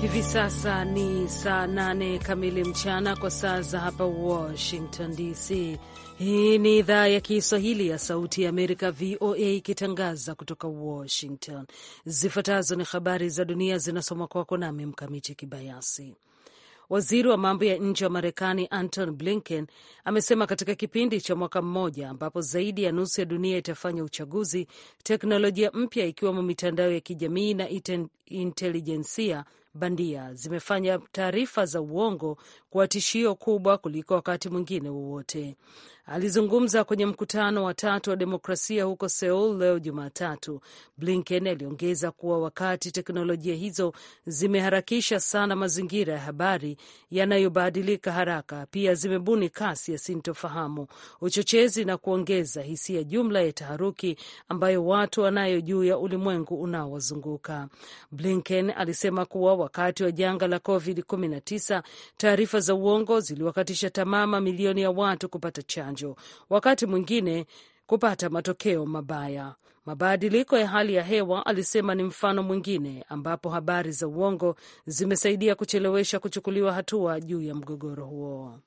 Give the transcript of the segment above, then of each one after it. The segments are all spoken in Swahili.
Hivi sasa ni saa nane kamili mchana kwa saa za hapa Washington DC. Hii ni idhaa ya Kiswahili ya Sauti ya Amerika, VOA, ikitangaza kutoka Washington. Zifuatazo ni habari za dunia zinasomwa kwako nami Mkamiti Kibayasi. Waziri wa mambo ya nje wa Marekani Anton Blinken amesema katika kipindi cha mwaka mmoja ambapo zaidi ya nusu ya dunia itafanya uchaguzi, teknolojia mpya ikiwemo mitandao ya kijamii na intelijensia bandia zimefanya taarifa za uongo kuwa tishio kubwa kuliko wakati mwingine wowote. Alizungumza kwenye mkutano wa tatu wa demokrasia huko Seoul leo Jumatatu. Blinken aliongeza kuwa wakati teknolojia hizo zimeharakisha sana mazingira ya habari yanayobadilika haraka, pia zimebuni kasi ya sintofahamu, uchochezi na kuongeza hisia jumla ya taharuki ambayo watu wanayo juu ya ulimwengu unaowazunguka. Blinken alisema kuwa wakati wa janga la COVID-19 taarifa za uongo ziliwakatisha tamaa mamilioni ya watu kupata chanjo chanjo, wakati mwingine kupata matokeo mabaya. Mabadiliko ya hali ya hewa, alisema, ni mfano mwingine ambapo habari za uongo zimesaidia kuchelewesha kuchukuliwa hatua juu ya mgogoro huo.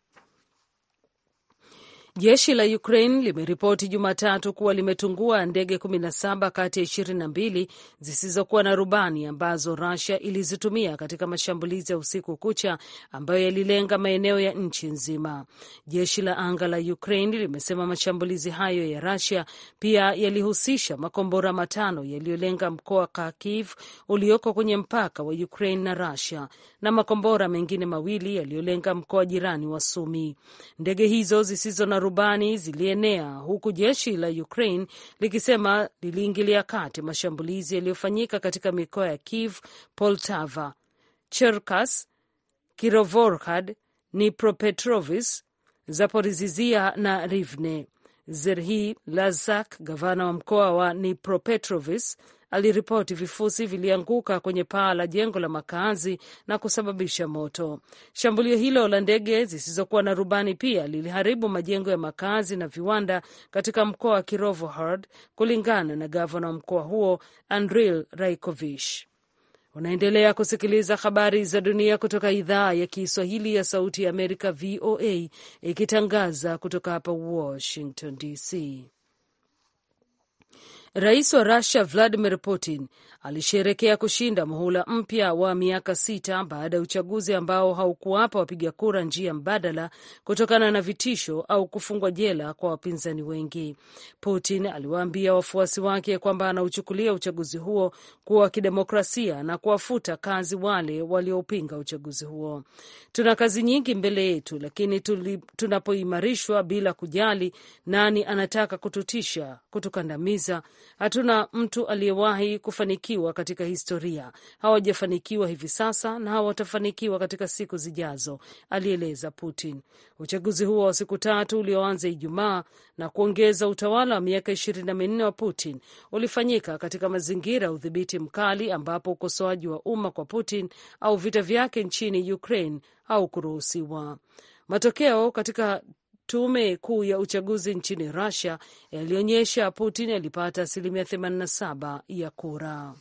Jeshi la Ukraine limeripoti Jumatatu kuwa limetungua ndege 17 kati ya 22 zisizokuwa na rubani ambazo Russia ilizitumia katika mashambulizi ya usiku kucha ambayo yalilenga maeneo ya nchi nzima. Jeshi la anga la Ukraine limesema mashambulizi hayo ya Russia pia yalihusisha makombora matano yaliyolenga mkoa wa Kharkiv ulioko kwenye mpaka wa Ukraine na Russia na makombora mengine mawili yaliyolenga mkoa jirani wa Sumi. Ndege hizo zisizo na rubani zilienea huku jeshi la Ukraine likisema liliingilia kati mashambulizi yaliyofanyika katika mikoa ya Kiev, Poltava, Cherkas, Kirovorhad, Nipropetrovis, Zaporizizia na Rivne. Zerhi Lazak, gavana wa mkoa wa Nipropetrovis, aliripoti vifusi vilianguka kwenye paa la jengo la makazi na kusababisha moto. Shambulio hilo la ndege zisizokuwa na rubani pia liliharibu majengo ya makazi na viwanda katika mkoa wa Kirovo Hard, kulingana na gavana wa mkoa huo Andril Raikovich. Unaendelea kusikiliza habari za dunia kutoka idhaa ya Kiswahili ya Sauti ya Amerika, VOA, ikitangaza kutoka hapa Washington DC. Rais wa Rusia Vladimir Putin alisherekea kushinda muhula mpya wa miaka sita baada ya uchaguzi ambao haukuwapa wapiga kura njia mbadala kutokana na vitisho au kufungwa jela kwa wapinzani wengi. Putin aliwaambia wafuasi wake kwamba anauchukulia uchaguzi huo kuwa kidemokrasia na kuwafuta kazi wale waliopinga uchaguzi huo. Tuna kazi nyingi mbele yetu, lakini tunapoimarishwa bila kujali nani anataka kututisha, kutukandamiza Hatuna mtu aliyewahi kufanikiwa katika historia, hawajafanikiwa hivi sasa na hawatafanikiwa katika siku zijazo, alieleza Putin. Uchaguzi huo wa siku tatu ulioanza Ijumaa na kuongeza utawala wa miaka ishirini na minne wa Putin ulifanyika katika mazingira ya udhibiti mkali, ambapo ukosoaji wa umma kwa Putin au vita vyake nchini Ukraine haukuruhusiwa. Matokeo katika tume kuu ya uchaguzi nchini Russia yalionyesha Putin alipata asilimia 87 ya kura.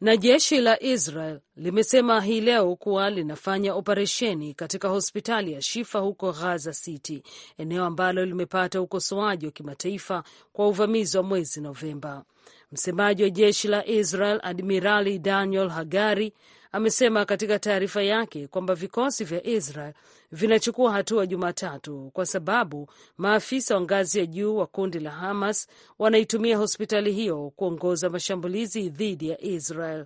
Na jeshi la Israel limesema hii leo kuwa linafanya operesheni katika hospitali ya Shifa huko Gaza City, eneo ambalo limepata ukosoaji wa kimataifa kwa uvamizi wa mwezi Novemba. Msemaji wa jeshi la Israel Admirali Daniel Hagari amesema katika taarifa yake kwamba vikosi vya Israel vinachukua hatua Jumatatu kwa sababu maafisa wa ngazi ya juu wa kundi la Hamas wanaitumia hospitali hiyo kuongoza mashambulizi dhidi ya Israel.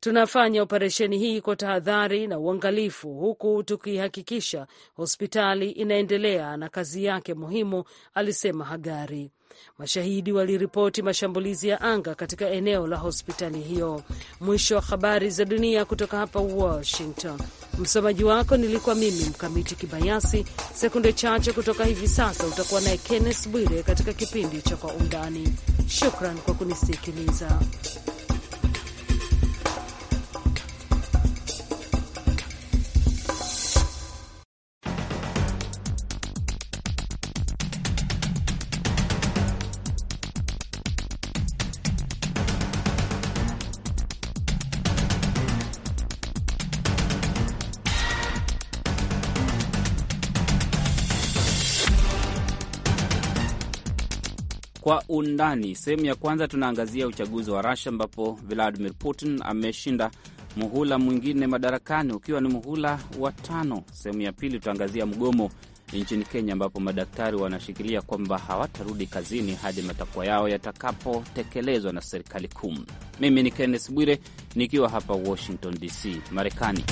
Tunafanya operesheni hii kwa tahadhari na uangalifu, huku tukihakikisha hospitali inaendelea na kazi yake muhimu, alisema Hagari. Mashahidi waliripoti mashambulizi ya anga katika eneo la hospitali hiyo. Mwisho wa habari za dunia kutoka hapa Washington. Msomaji wako nilikuwa mimi Mkamiti Kibayasi. Sekunde chache kutoka hivi sasa utakuwa naye Kenneth Bwire katika kipindi cha Kwa Undani. Shukran kwa kunisikiliza. kwa undani. Sehemu ya kwanza tunaangazia uchaguzi wa Russia ambapo Vladimir Putin ameshinda muhula mwingine madarakani ukiwa ni muhula wa tano. Sehemu ya pili tutaangazia mgomo nchini Kenya ambapo madaktari wanashikilia kwamba hawatarudi kazini hadi matakwa yao yatakapotekelezwa na serikali kuu. Mimi ni Kenneth Bwire nikiwa hapa Washington DC, Marekani.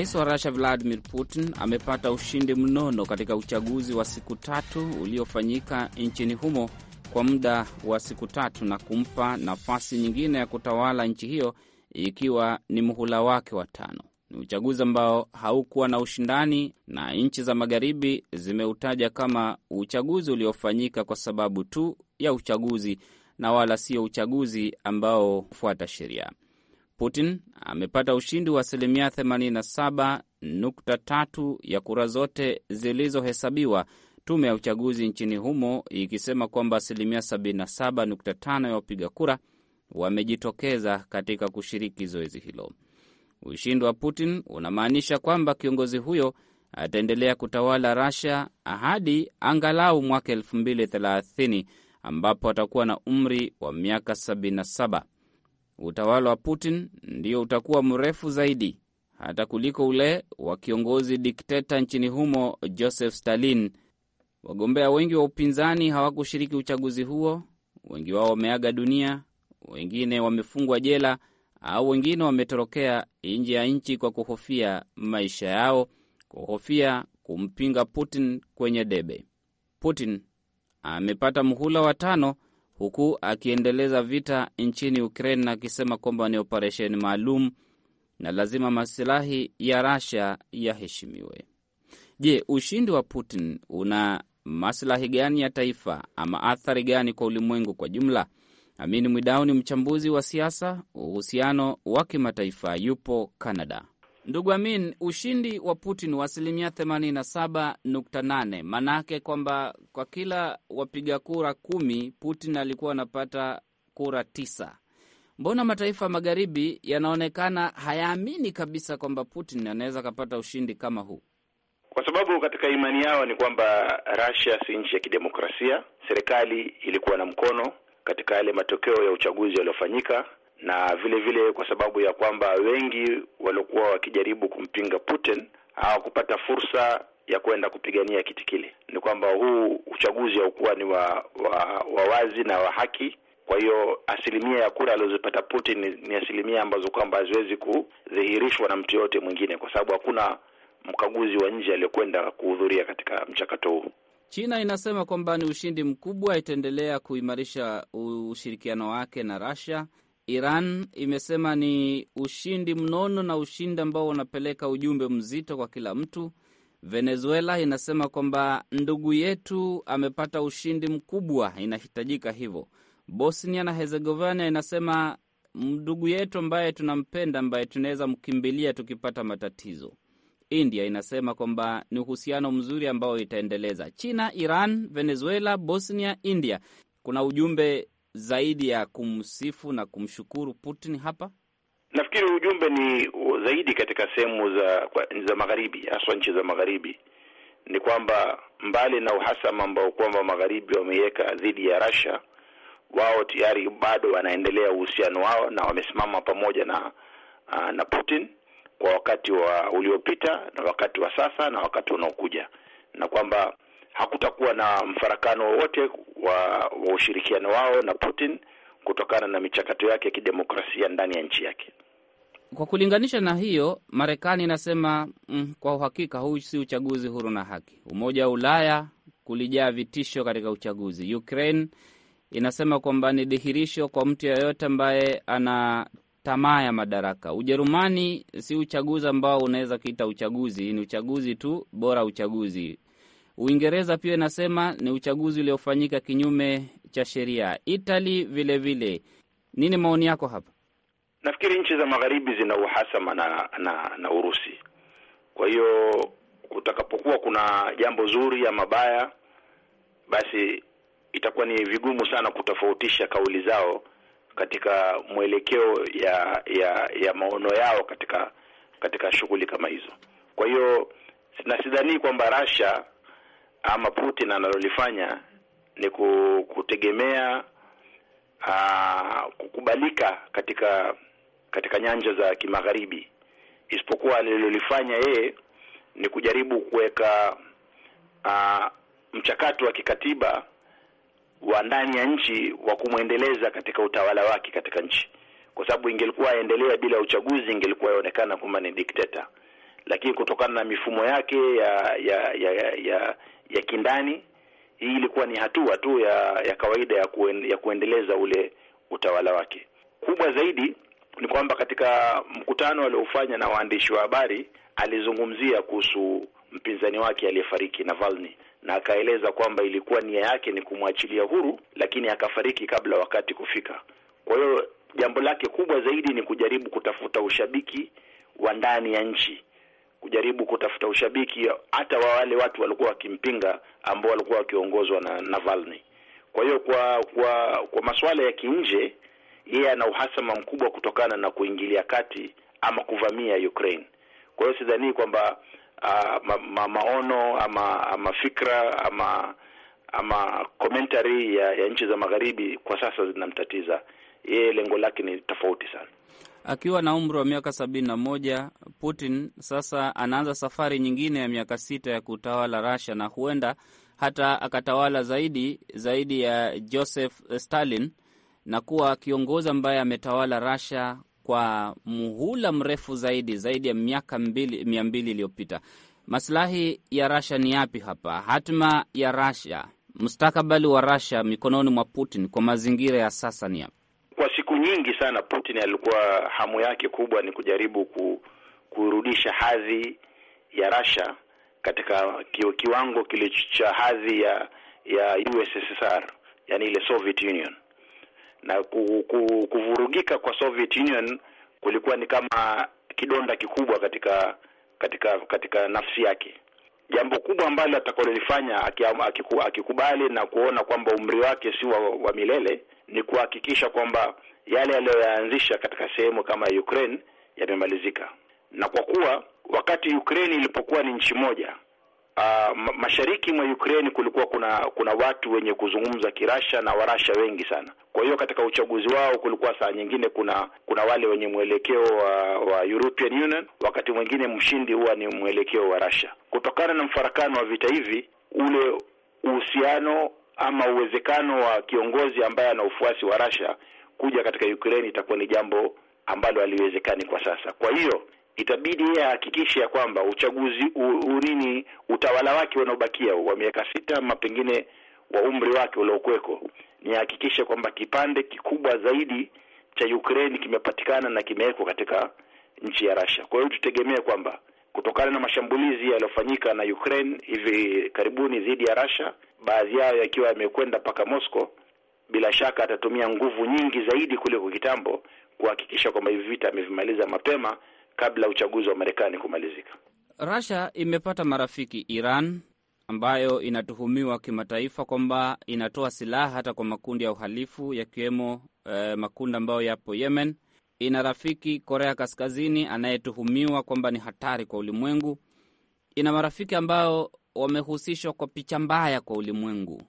Rais wa Rusia Vladimir Putin amepata ushindi mnono katika uchaguzi wa siku tatu uliofanyika nchini humo kwa muda wa siku tatu na kumpa nafasi nyingine ya kutawala nchi hiyo ikiwa ni muhula wake wa tano. Ni uchaguzi ambao haukuwa na ushindani na nchi za magharibi zimeutaja kama uchaguzi uliofanyika kwa sababu tu ya uchaguzi na wala sio uchaguzi ambao hufuata sheria. Putin amepata ushindi wa asilimia 87.3 ya kura zote zilizohesabiwa, tume ya uchaguzi nchini humo ikisema kwamba asilimia 77.5 ya wapiga kura wamejitokeza katika kushiriki zoezi hilo. Ushindi wa Putin unamaanisha kwamba kiongozi huyo ataendelea kutawala Russia hadi angalau mwaka 2030 ambapo atakuwa na umri wa miaka 77 utawala wa Putin ndio utakuwa mrefu zaidi hata kuliko ule wa kiongozi dikteta nchini humo Joseph Stalin. Wagombea wengi wa upinzani hawakushiriki uchaguzi huo, wengi wao wameaga dunia, wengine wamefungwa jela au wengine wametorokea nje ya nchi kwa kuhofia maisha yao, kuhofia kumpinga Putin kwenye debe. Putin amepata mhula wa tano huku akiendeleza vita nchini Ukraine na akisema kwamba ni operesheni maalum na lazima masilahi ya Rasha yaheshimiwe. Je, ushindi wa Putin una maslahi gani ya taifa ama athari gani kwa ulimwengu kwa jumla? Amini Mwidau ni mchambuzi wa siasa, uhusiano wa kimataifa, yupo Canada. Ndugu Amin, ushindi wa Putin wa asilimia 87.8 maanaake kwamba kwa kila wapiga kura kumi Putin alikuwa anapata kura tisa. Mbona mataifa magharibi yanaonekana hayaamini kabisa kwamba Putin anaweza akapata ushindi kama huu? Kwa sababu katika imani yao ni kwamba Russia si nchi ya kidemokrasia. Serikali ilikuwa na mkono katika yale matokeo ya uchaguzi yaliyofanyika na vile vile kwa sababu ya kwamba wengi waliokuwa wakijaribu kumpinga Putin hawakupata fursa ya kwenda kupigania kiti kile. Ni kwamba huu uchaguzi haukuwa ni wa, wa, wa wazi na wa haki. Kwa hiyo asilimia ya kura alizopata Putin ni, ni asilimia ambazo kwamba haziwezi kudhihirishwa na mtu yoyote mwingine, kwa sababu hakuna mkaguzi wa nje aliyokwenda kuhudhuria katika mchakato huu. China inasema kwamba ni ushindi mkubwa, itaendelea kuimarisha ushirikiano wake na Russia Iran imesema ni ushindi mnono na ushindi ambao unapeleka ujumbe mzito kwa kila mtu. Venezuela inasema kwamba ndugu yetu amepata ushindi mkubwa, inahitajika hivyo. Bosnia na Herzegovina inasema ndugu yetu ambaye tunampenda, ambaye tunaweza mkimbilia tukipata matatizo. India inasema kwamba ni uhusiano mzuri ambao itaendeleza. China, Iran, Venezuela, Bosnia, India, kuna ujumbe zaidi ya kumsifu na kumshukuru Putin hapa? Nafikiri ujumbe ni zaidi katika sehemu za za magharibi, haswa nchi za magharibi, ni kwamba mbali na uhasama ambao kwamba magharibi wameiweka dhidi ya Russia, wao tayari bado wanaendelea uhusiano wao na wamesimama pamoja na na Putin kwa wakati wa uliopita na wakati wa sasa na wakati unaokuja, na kwamba hakutakuwa na mfarakano wowote wa, wa ushirikiano wao na Putin kutokana na michakato yake ya kidemokrasia ndani ya nchi yake. Kwa kulinganisha na hiyo, Marekani inasema mm, kwa uhakika huu si uchaguzi huru na haki. Umoja wa Ulaya kulijaa vitisho katika uchaguzi. Ukraine inasema kwamba ni dhihirisho kwa mtu yeyote ambaye ana tamaa ya madaraka. Ujerumani si uchaguzi ambao unaweza kuita uchaguzi, ni uchaguzi tu, bora uchaguzi. Uingereza pia inasema ni uchaguzi uliofanyika kinyume cha sheria. Itali vilevile. Nini maoni yako hapa? Nafikiri nchi za magharibi zina uhasama na, na na Urusi. Kwa hiyo kutakapokuwa kuna jambo zuri ama baya, basi itakuwa ni vigumu sana kutofautisha kauli zao katika mwelekeo ya ya ya maono yao katika katika shughuli kama hizo. Kwa hiyo na sidhani kwamba Russia ama Putin analolifanya ni kutegemea aa, ah, kukubalika katika katika nyanja za kimagharibi, isipokuwa alilolifanya yeye ni kujaribu kuweka ah, mchakato wa kikatiba wa ndani ya nchi wa kumwendeleza katika utawala wake katika nchi, kwa sababu ingelikuwa aendelea bila uchaguzi, ingelikuwa yaonekana kwamba ni dikteta, lakini kutokana na mifumo yake ya ya ya, ya, ya kindani. Hii ilikuwa ni hatua tu ya ya kawaida ya, kuen, ya kuendeleza ule utawala wake. Kubwa zaidi ni kwamba katika mkutano aliofanya na waandishi wa habari alizungumzia kuhusu mpinzani wake aliyefariki Navalny na akaeleza kwamba ilikuwa nia yake ni kumwachilia huru, lakini akafariki kabla wakati kufika. Kwa hiyo jambo lake kubwa zaidi ni kujaribu kutafuta ushabiki wa ndani ya nchi kujaribu kutafuta ushabiki hata wa wale watu walikuwa wakimpinga ambao walikuwa wakiongozwa na Navalny. Kwa hiyo kwa kwa kwa masuala ya kinje, yeye ana uhasama mkubwa kutokana na kuingilia kati ama kuvamia Ukraine. Kwa hiyo sidhani kwamba uh, ma, ma, maono ama, ama fikra ama ama commentary ya, ya nchi za magharibi kwa sasa zinamtatiza yeye. Lengo lake ni tofauti sana. Akiwa na umri wa miaka 71, Putin sasa anaanza safari nyingine ya miaka sita ya kutawala Russia na huenda hata akatawala zaidi zaidi ya Joseph Stalin na kuwa kiongozi ambaye ametawala Russia kwa muhula mrefu zaidi zaidi ya miaka mia mbili iliyopita. Masilahi ya Russia ni yapi hapa? Hatima ya Russia, mustakabali wa Russia mikononi mwa Putin kwa mazingira ya sasa ni yapi? nyingi sana Putin alikuwa hamu yake kubwa ni kujaribu ku, kurudisha hadhi ya Russia katika kiwango kile cha hadhi ya ya USSR, yani ile Soviet Union. Na ku, ku, kuvurugika kwa Soviet Union kulikuwa ni kama kidonda kikubwa katika katika katika nafsi yake. Jambo kubwa ambalo atakalolifanya akikubali na kuona kwamba umri wake si wa, wa milele ni kuhakikisha kwamba yale yaliyoyaanzisha katika sehemu kama Ukraine yamemalizika, na kwa kuwa wakati Ukraine ilipokuwa ni nchi moja Uh, mashariki mwa Ukraine kulikuwa kuna kuna watu wenye kuzungumza Kirasha na Warasha wengi sana. Kwa hiyo katika uchaguzi wao kulikuwa saa nyingine kuna kuna wale wenye mwelekeo wa, wa European Union, wakati mwingine mshindi huwa ni mwelekeo wa Russia. Kutokana na mfarakano wa vita hivi, ule uhusiano ama uwezekano wa kiongozi ambaye ana ufuasi wa Russia kuja katika Ukraine itakuwa ni jambo ambalo haliwezekani kwa sasa. Kwa hiyo itabidi yeye ahakikishe ya kwamba uchaguzi unini utawala wake unaobakia wa miaka sita ama pengine wa umri wake uliokuweko, ni ahakikishe kwamba kipande kikubwa zaidi cha Ukraine kimepatikana na kimewekwa katika nchi ya Russia. Kwa hiyo tutegemee kwamba kutokana na mashambulizi yaliyofanyika na Ukraine hivi karibuni dhidi ya Russia, baadhi yao yakiwa yamekwenda mpaka Moscow, bila shaka atatumia nguvu nyingi zaidi kuliko kitambo kuhakikisha kwamba hivi vita amevimaliza mapema kabla uchaguzi wa Marekani kumalizika. Russia imepata marafiki Iran, ambayo inatuhumiwa kimataifa kwamba inatoa silaha hata kwa makundi ya uhalifu yakiwemo eh, makundi ambayo yapo Yemen. Ina rafiki Korea Kaskazini anayetuhumiwa kwamba ni hatari kwa ulimwengu. Ina marafiki ambao wamehusishwa kwa picha mbaya kwa ulimwengu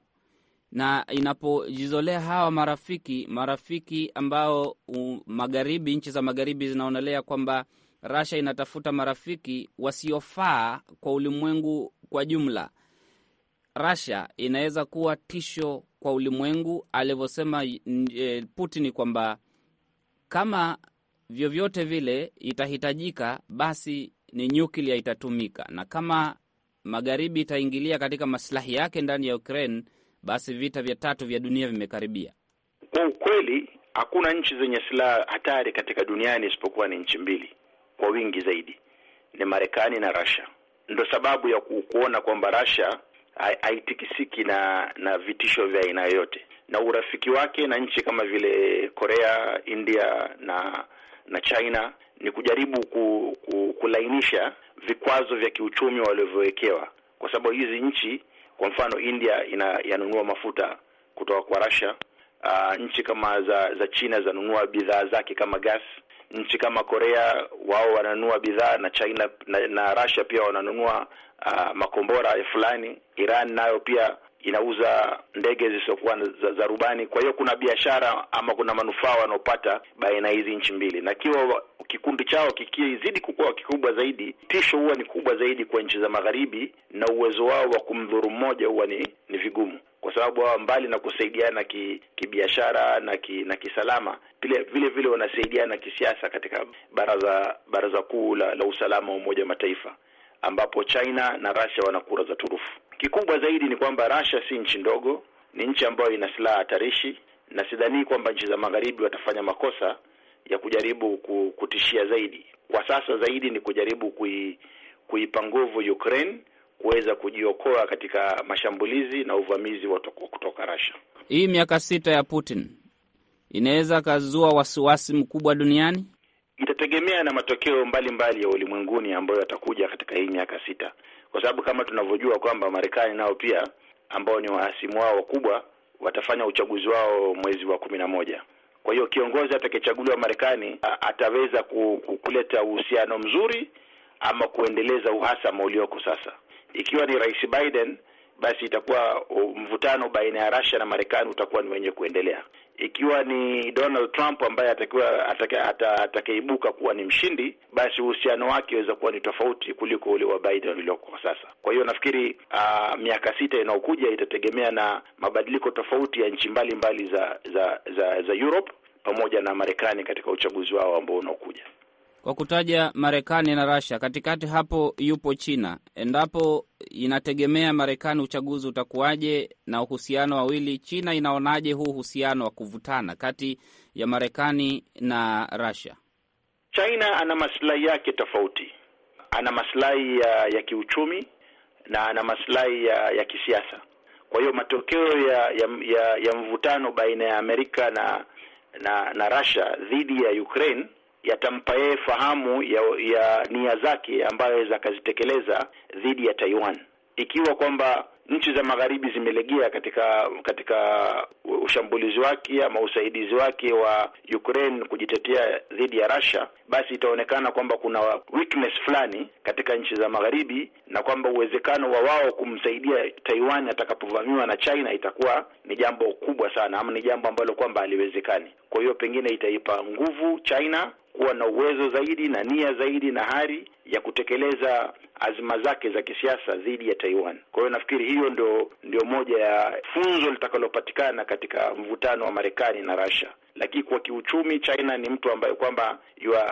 na inapojizolea hawa marafiki marafiki ambao magharibi, nchi za magharibi zinaonelea kwamba Russia inatafuta marafiki wasiofaa kwa ulimwengu kwa jumla. Russia inaweza kuwa tisho kwa ulimwengu, alivyosema e, Putin kwamba kama vyovyote vile itahitajika, basi ni nyuklia itatumika, na kama magharibi itaingilia katika masilahi yake ndani ya Ukraine basi vita vya tatu vya dunia vimekaribia. Kwa ukweli, hakuna nchi zenye silaha hatari katika duniani isipokuwa ni nchi mbili kwa wingi zaidi, ni Marekani na Russia. Ndo sababu ya kuona kwamba Russia haitikisiki na na vitisho vya aina yoyote, na urafiki wake na nchi kama vile Korea, India na na China ni kujaribu ku, ku, kulainisha vikwazo vya kiuchumi walivyowekewa, kwa sababu hizi nchi kwa mfano India ina, yanunua mafuta kutoka kwa Russia. Uh, nchi kama za za China zanunua bidhaa zake kama gas. Nchi kama Korea wao wananunua bidhaa na China na, na Russia pia wananunua uh, makombora fulani. Iran nayo pia inauza ndege zisizokuwa za, za rubani. Kwa hiyo kuna biashara ama kuna manufaa wanaopata baina hizi nchi mbili, na kiwa kikundi chao kikizidi kukuwa kikubwa zaidi, tisho huwa ni kubwa zaidi kwa nchi za magharibi, na uwezo wao wa kumdhuru mmoja huwa ni, ni vigumu kwa sababu hawa mbali na kusaidiana kibiashara ki na ki, na kisalama vile vile vile wanasaidiana kisiasa katika baraza baraza kuu la, la usalama wa Umoja wa Mataifa ambapo China na Russia wana kura za turufu. Kikubwa zaidi ni kwamba Russia si nchi ndogo, ni nchi ambayo ina silaha hatarishi, na sidhani kwamba nchi za magharibi watafanya makosa ya kujaribu kutishia zaidi. Kwa sasa zaidi ni kujaribu kui, kuipa nguvu Ukraine kuweza kujiokoa katika mashambulizi na uvamizi wa kutoka Russia. Hii miaka sita ya Putin inaweza kazua wasiwasi mkubwa duniani. Itategemea na matokeo mbalimbali mbali ya ulimwenguni ambayo yatakuja katika hii miaka sita, kwa sababu kama tunavyojua kwamba Marekani nao pia ambao ni wahasimu wao wakubwa watafanya uchaguzi wao mwezi wa kumi na moja. Kwa hiyo kiongozi atakayechaguliwa Marekani ataweza kuleta uhusiano mzuri ama kuendeleza uhasama ulioko sasa. Ikiwa ni Rais Biden, basi itakuwa mvutano baina ya Russia na Marekani utakuwa ni wenye kuendelea ikiwa ni Donald Trump ambaye atakiwa atakayeibuka kuwa ni mshindi, basi uhusiano wake waweza kuwa ni tofauti kuliko ule wa Biden ulioko kwa sasa. Kwa hiyo nafikiri uh, miaka sita inayokuja itategemea na mabadiliko tofauti ya nchi mbalimbali za, za za za Europe pamoja na Marekani katika uchaguzi wao ambao unaokuja kwa kutaja Marekani na rasia katikati hapo yupo China. Endapo inategemea Marekani uchaguzi utakuwaje na uhusiano wawili, China inaonaje huu uhusiano wa kuvutana kati ya Marekani na rasia China ana masilahi yake tofauti, ana masilahi ya, ya kiuchumi na ana masilahi ya, ya kisiasa. Kwa hiyo matokeo ya, ya, ya, ya mvutano baina ya Amerika na na, na Russia dhidi ya Ukraine yatampa yeye fahamu ya, ya nia zake ambayo aweza akazitekeleza dhidi ya Taiwan, ikiwa kwamba nchi za magharibi zimelegea katika katika ushambulizi wake ama usaidizi wake wa Ukraine kujitetea dhidi ya Russia, basi itaonekana kwamba kuna weakness fulani katika nchi za magharibi na kwamba uwezekano wa wao kumsaidia Taiwan atakapovamiwa na China itakuwa ni jambo kubwa sana ama ni jambo ambalo kwamba haliwezekani. Kwa hiyo pengine itaipa nguvu China kuwa na uwezo zaidi na nia zaidi na hari ya kutekeleza azima zake za kisiasa dhidi ya Taiwan. Kwa hiyo nafikiri hiyo ndio, ndio moja ya funzo litakalopatikana katika mvutano wa Marekani na Russia. Lakini kwa kiuchumi, China ni mtu ambaye kwamba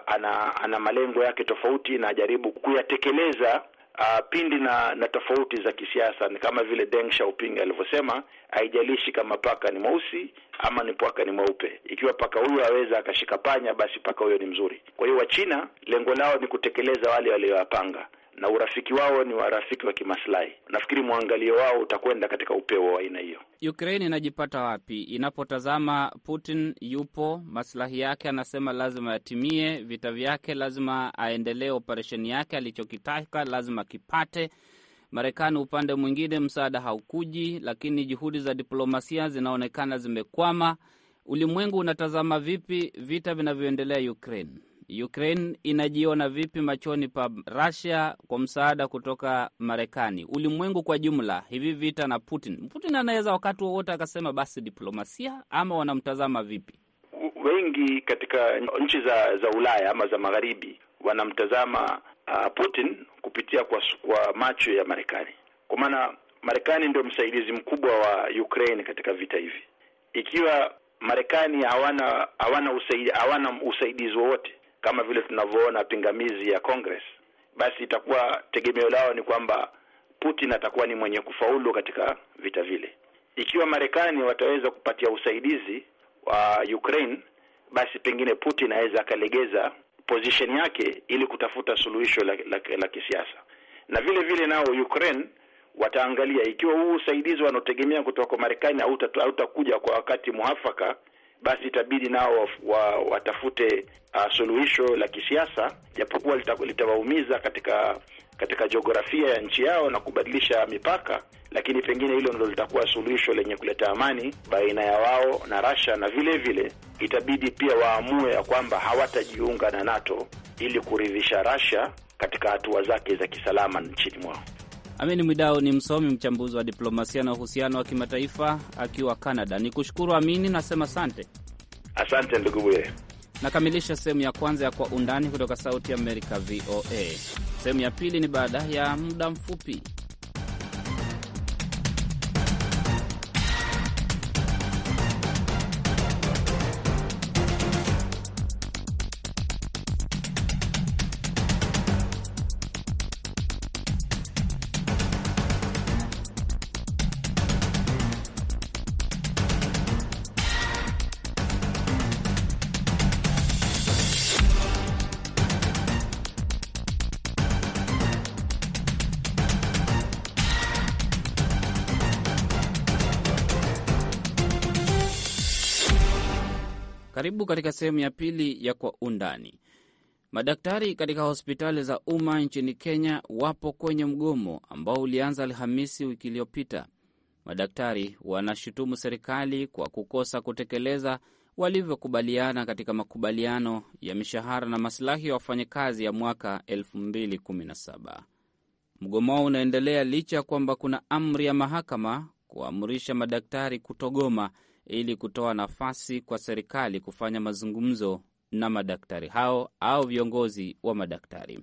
ana, ana malengo yake tofauti na ajaribu kuyatekeleza Uh, pindi na na tofauti za kisiasa ni kama vile Deng Xiaoping alivyosema, haijalishi kama paka ni mweusi ama ni paka ni mweupe. Ikiwa paka huyu aweza akashika panya, basi paka huyo ni mzuri. Kwa hiyo Wachina lengo lao ni kutekeleza wale waliowapanga na urafiki wao ni warafiki wa kimaslahi. Nafikiri mwangalio wao utakwenda katika upeo wa aina hiyo. Ukraine inajipata wapi inapotazama Putin yupo, maslahi yake anasema lazima yatimie, vita vyake lazima aendelee, operesheni yake alichokitaka lazima kipate Marekani upande mwingine, msaada haukuji, lakini juhudi za diplomasia zinaonekana zimekwama. Ulimwengu unatazama vipi vita vinavyoendelea Ukraine? Ukraine inajiona vipi machoni pa Russia kwa msaada kutoka Marekani? Ulimwengu kwa jumla, hivi vita na Putin, Putin anaweza wakati wowote akasema basi diplomasia, ama wanamtazama vipi? Wengi katika nchi za za Ulaya ama za magharibi wanamtazama uh, Putin kupitia kwa, kwa macho ya Marekani, kwa maana Marekani ndio msaidizi mkubwa wa Ukraine katika vita hivi. Ikiwa Marekani hawana hawana usaidizi, hawana usaidizi wowote kama vile tunavyoona pingamizi ya Congress, basi itakuwa tegemeo lao ni kwamba Putin atakuwa ni mwenye kufaulu katika vita vile. Ikiwa Marekani wataweza kupatia usaidizi wa Ukraine, basi pengine Putin aweza akalegeza position yake ili kutafuta suluhisho la, la, la kisiasa. Na vile vile nao Ukraine wataangalia ikiwa huu usaidizi wanaotegemea kutoka kwa Marekani hautakuja kwa wakati muafaka, basi itabidi nao wa, watafute uh, suluhisho la kisiasa, japokuwa litawaumiza katika katika jiografia ya nchi yao na kubadilisha mipaka, lakini pengine hilo ndilo litakuwa suluhisho lenye kuleta amani baina ya wao na Russia, na vile vile itabidi pia waamue ya kwamba hawatajiunga na NATO ili kuridhisha Russia katika hatua zake za kisalama nchini mwao. Amin Mwidau ni msomi mchambuzi wa diplomasia na uhusiano wa kimataifa akiwa Canada. Ni kushukuru Amini, nasema asante. Asante ndugu Buye. Nakamilisha sehemu ya kwanza ya Kwa Undani kutoka Sauti ya Amerika, VOA. Sehemu ya pili ni baada ya muda mfupi. katika sehemu ya pili ya Kwa Undani. Madaktari katika hospitali za umma nchini Kenya wapo kwenye mgomo ambao ulianza Alhamisi wiki iliyopita. Madaktari wanashutumu serikali kwa kukosa kutekeleza walivyokubaliana katika makubaliano ya mishahara na masilahi ya wafanyakazi ya mwaka 2017. Mgomo wao unaendelea licha ya kwamba kuna amri ya mahakama kuamrisha madaktari kutogoma ili kutoa nafasi kwa serikali kufanya mazungumzo na madaktari hao au viongozi wa madaktari.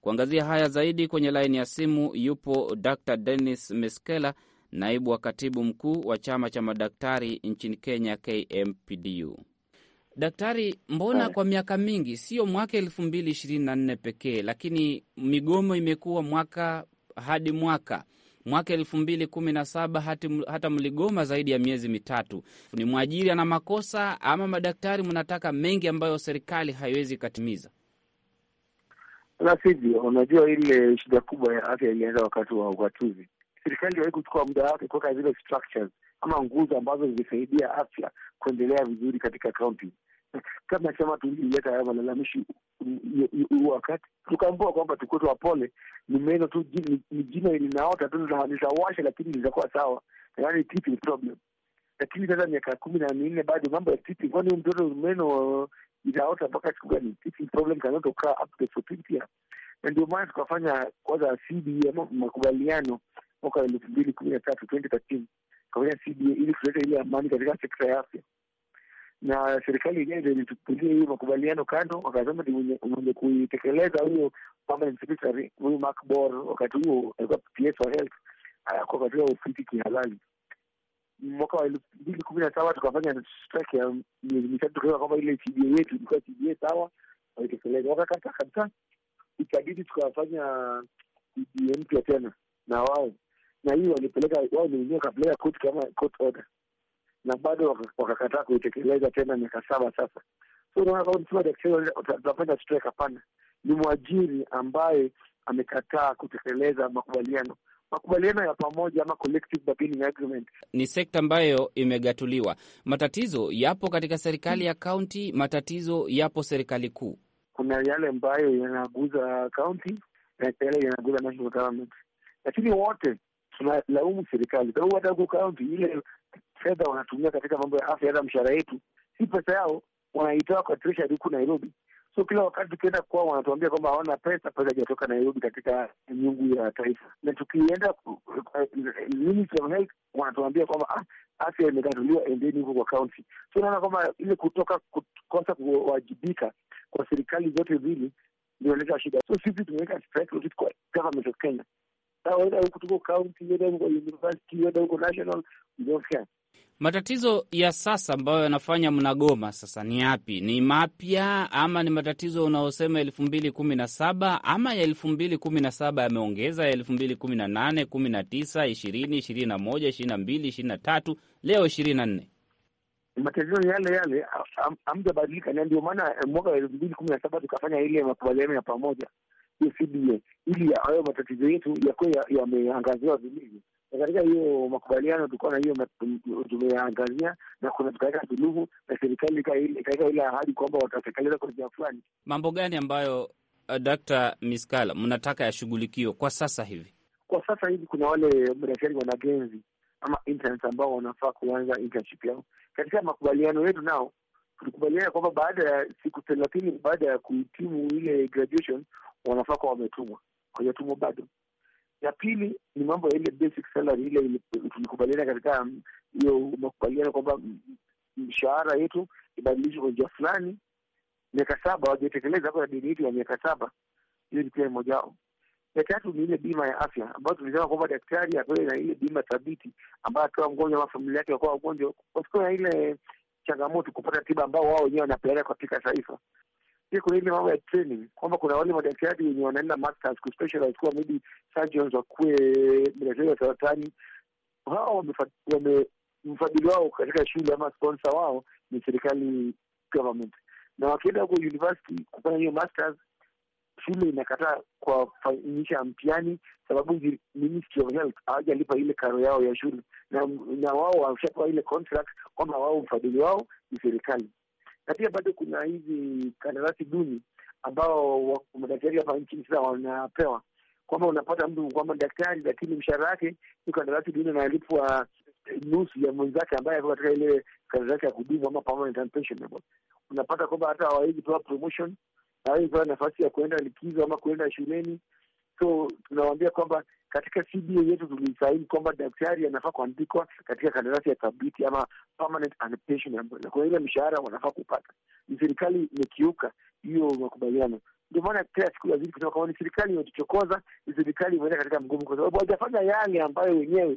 Kuangazia haya zaidi, kwenye laini ya simu yupo Dr denis Meskela, naibu wa katibu mkuu wa chama cha madaktari nchini Kenya, KMPDU. Daktari, mbona kwa miaka mingi, sio mwaka elfu mbili ishirini na nne pekee, lakini migomo imekuwa mwaka hadi mwaka Mwaka elfu mbili kumi na saba hata, hata mligoma zaidi ya miezi mitatu. Ni mwajiri ana makosa ama madaktari mnataka mengi ambayo serikali haiwezi ikatimiza? La sivyo, unajua ile shida kubwa ya afya ilianza wakati wa ugatuzi. Serikali haiwezi kuchukua muda wake kuweka zile structures ama nguzo ambazo zilisaidia afya kuendelea vizuri katika kaunti. kama chama tulileta haya malalamishi wakati, tukaambua kwamba tukuwe wapole, ni meno tu, ni jino linaota tu, litawasha lakini litakuwa sawa, yaani teething problem. Lakini sasa miaka kumi na minne bado mambo ya teething, kwani huyu mtoto meno inaota mpaka siku gani? Teething problem cannot occur up to fourteen years, na ndio maana tukafanya kwanza CBA makubaliano mwaka elfu mbili kumi na tatu twenty thirteen, tukafanya CBA ili kuleta ile amani katika sekta ya afya na serikali yenyewe ndio ilitupulia hiyo makubaliano kando, wakasema ni mwenye kuitekeleza huyo permanent secretary huyo Mark Bor, wakati huo alikuwa PS wa health, alikuwa ah, katika ofisi kihalali. Mwaka wa elfu mbili kumi na saba tukafanya strike ya miezi mitatu, tukaona kwamba ile CBA yetu ilikuwa CBA sawa, waitekeleza, wakakataa kabisa. Ikabidi tukafanya CBA mpya tena na wao, na hii walipeleka wao, ni wenyewe wakapeleka koti kama court order na bado wakakataa kuitekeleza tena miaka saba sasa. So unaona strike? Hapana, ni mwajiri ambaye amekataa kutekeleza makubaliano makubaliano ya pamoja ama collective bargaining agreement. Ni sekta ambayo imegatuliwa. Matatizo yapo katika serikali ya kaunti, matatizo yapo serikali kuu. Kuna yale ambayo yanaguza kaunti na yale yanaguza national government, lakini wote tunalaumu serikali sababu hata huku kaunti ile fedha wanatumia katika mambo ya afya, hata mshahara yetu si pesa yao, wanaitoa kwa treasury huku Nairobi. So kila wakati tukienda kwao wanatuambia kwamba hawana pesa, pesa haijatoka Nairobi katika nyungu ya taifa. Na tukienda Ministry of Health wanatuambia kwamba ah, afya imegatuliwa, endeni huko kwa kaunti. So naona kwamba ile kutoka kukosa kuwajibika kwa serikali zote mbili ndioleta shida. So sisi tumeweka kwa government of Kenya au kutoka kaunti hiyo ndio university hiyo ndio national unafika. Matatizo ya sasa ambayo yanafanya mnagoma sasa ni yapi? Ni mapya ama ni matatizo unaosema elfu mbili kumi na saba ama ya elfu mbili kumi na saba yameongeza ya elfu mbili kumi na nane kumi na tisa ishirini ishirini na moja ishirini na mbili ishirini na tatu leo ishirini na nne Matatizo yale yale hamjabadilika, na ndio maana mwaka wa elfu mbili kumi na saba tukafanya ile makubaliano ya pamoja UCDA ili hayo matatizo yetu yakuwe yameangaziwa vilivyo. Na katika hiyo makubaliano tulikuwa na hiyo tumeangazia na kuna tukaweka suluhu na serikali ikaweka ile ahadi kwamba watatekeleza kwa njia fulani. Mambo gani ambayo uh, Dr. Miskala mnataka yashughulikiwe kwa sasa hivi? Kwa sasa hivi kuna wale madaktari wanagenzi ama interns ambao wanafaa kuanza internship yao. Katika makubaliano yetu nao tulikubaliana kwamba baada ya siku thelathini baada ya kuhitimu ile graduation wanafaa kuwa wametumwa, hawajatumwa bado. Ya pili ni mambo ya ile basic salary, ile tulikubaliana katika um, hiyo makubaliano kwamba mm, mm, mshahara yetu ibadilishwe kwa njia fulani. Miaka saba hawajatekeleza hapo na deni yetu ya miaka saba, hiyo ni pia moja wao. Ya tatu ni ile bima ya afya ambayo tulisema kwamba daktari apewe na ile bima thabiti ambayo akiwa mgonjwa ama familia yake wakuwa wagonjwa wasikuwe na ile changamoto kupata tiba ambao wao wenyewe wanapeana katika taifa pia kuna ile mambo ya training kwamba kuna wale madaktari wenye wanaenda masters kuspecialize kuwa maybe surgeons wakuwe madaktari wa saratani. Hao wame mfadhili wao katika shule ama sponsor wao ni serikali government, na wakienda huko university kufanya hiyo masters, shule inakataa kuwafanyisha mtihani sababu Ministry of Health hawajalipa ile karo yao ya shule, na na wao washapewa ile contract kwamba wao mfadhili wao ni serikali na pia bado kuna hizi kandarasi duni ambao madaktari hapa nchini sasa wanapewa kwamba unapata mtu kwamba daktari lakini mshahara wake ni kandarasi duni, analipwa eh, nusu ya mwenzake ambaye ako katika ile kandarasi ya kudumu ama permanent pensionable. Unapata kwamba hata hawawezi pewa promotion, hawawezi pewa nafasi ya kuenda likizo ama kuenda shuleni. So tunawaambia kwamba katika CBA yetu tulisaini kwamba daktari anafaa kuandikwa katika kandarasi ya thabiti ama permanent and kuna ile mshahara wanafaa kupata. Ni serikali imekiuka hiyo makubaliano. Ndio maana kila siku lazidi kusema kwamba ni serikali imetuchokoza, ni serikali imeenda katika mgumu, kwa sababu hawajafanya yale ambayo wenyewe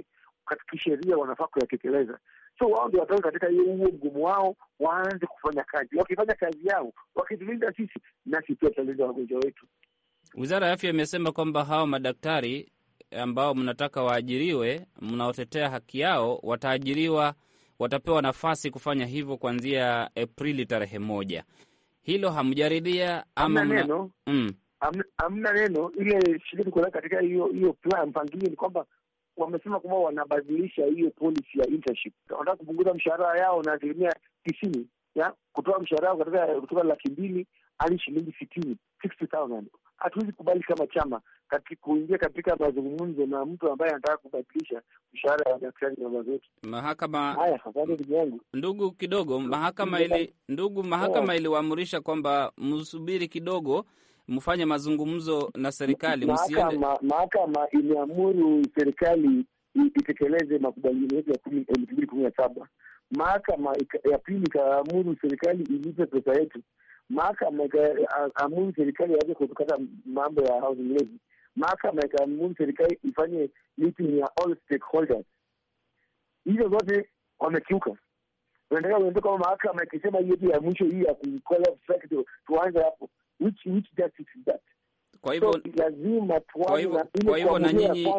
kisheria wanafaa kuyatekeleza. So wao ndio watoke katika hiyo huo mgumu wao, waanze kufanya kazi. Wakifanya kazi yao, wakitulinda sisi, nasi pia tutalinda wagonjwa wetu. Wizara ya afya imesema kwamba hawa madaktari ambao mnataka waajiriwe, mnaotetea haki yao, wataajiriwa, watapewa nafasi kufanya hivyo kuanzia Aprili tarehe moja. Hilo hamjaridhia ama amna neno mm. Amna neno ile shida kuelea katika hiyo hiyo plan mpangilio ni kwamba wamesema kwamba wanabadilisha hiyo policy ya internship, wanataka kupunguza mshahara yao na asilimia tisini ya kutoa mshahara wao katika kutoka laki mbili hadi shilingi sitini, hatuwezi kubali kama chama kati kuingia katika mazungumzo na mtu ambaye anataka kubadilisha mshahara wa daktari na mazote mahakama. Haya, ndugu kidogo, mahakama ili ndugu mahakama iliwaamrisha kwamba msubiri kidogo, mfanye mazungumzo na serikali. msiende. mahakama iliamuru serikali itekeleze makubaliano yetu ya elfu mbili kumi na saba. Mahakama ya pili ikaamuru serikali ilipe pesa yetu. Mahakama ikaamuru serikali yaweze kutukata mambo ya housing levy mahakama ikamuru serikali ifanye meeting ya all stakeholders. Hizo zote wamekiuka. Unataka uende kama mahakama ikisema hiyo ya mwisho hii ya kucollapse tuanze hapo, which which justice is that? Kwa hivyo lazima hivyo na kwa nyinyi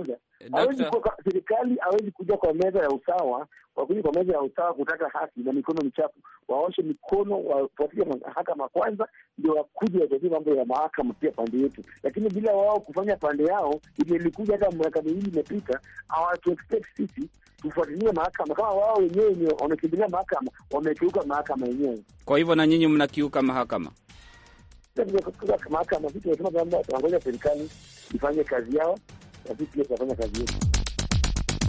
serikali hawezi kuja kwa meza ya usawa, kwa kuja kwa meza ya usawa kutaka haki na mikono michafu. Waoshe mikono, wafuatilie mahakama kwanza, ndio wakuja watetee mambo ya mahakama pia pande yetu. Lakini bila wao kufanya pande yao, ile ilikuja hata miaka miwili imepita, awatu sisi tufuatilie mahakama kama wao wenyewe wamekimbilia mahakama, wamekiuka mahakama yenyewe. Kwa hivyo na nyinyi mnakiuka mahakama mahakama, sisi tunasema kwamba tunangoja serikali ifanye kazi yao, na sisi pia tunafanya kazi yetu.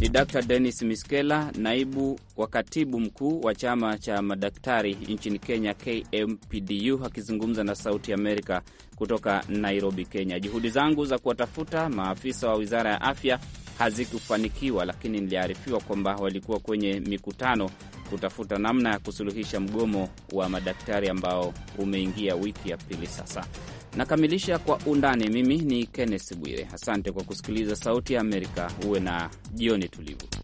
Ni Dr. denis Miskela, naibu wa katibu mkuu wa chama cha madaktari nchini Kenya, KMPDU, akizungumza na Sauti Amerika kutoka Nairobi, Kenya. Juhudi zangu za kuwatafuta maafisa wa wizara ya afya hazikufanikiwa, lakini niliarifiwa kwamba walikuwa kwenye mikutano kutafuta namna ya kusuluhisha mgomo wa madaktari ambao umeingia wiki ya pili sasa. Nakamilisha kwa undani. Mimi ni Kenneth Bwire, asante kwa kusikiliza Sauti ya Amerika. Uwe na jioni tulivu.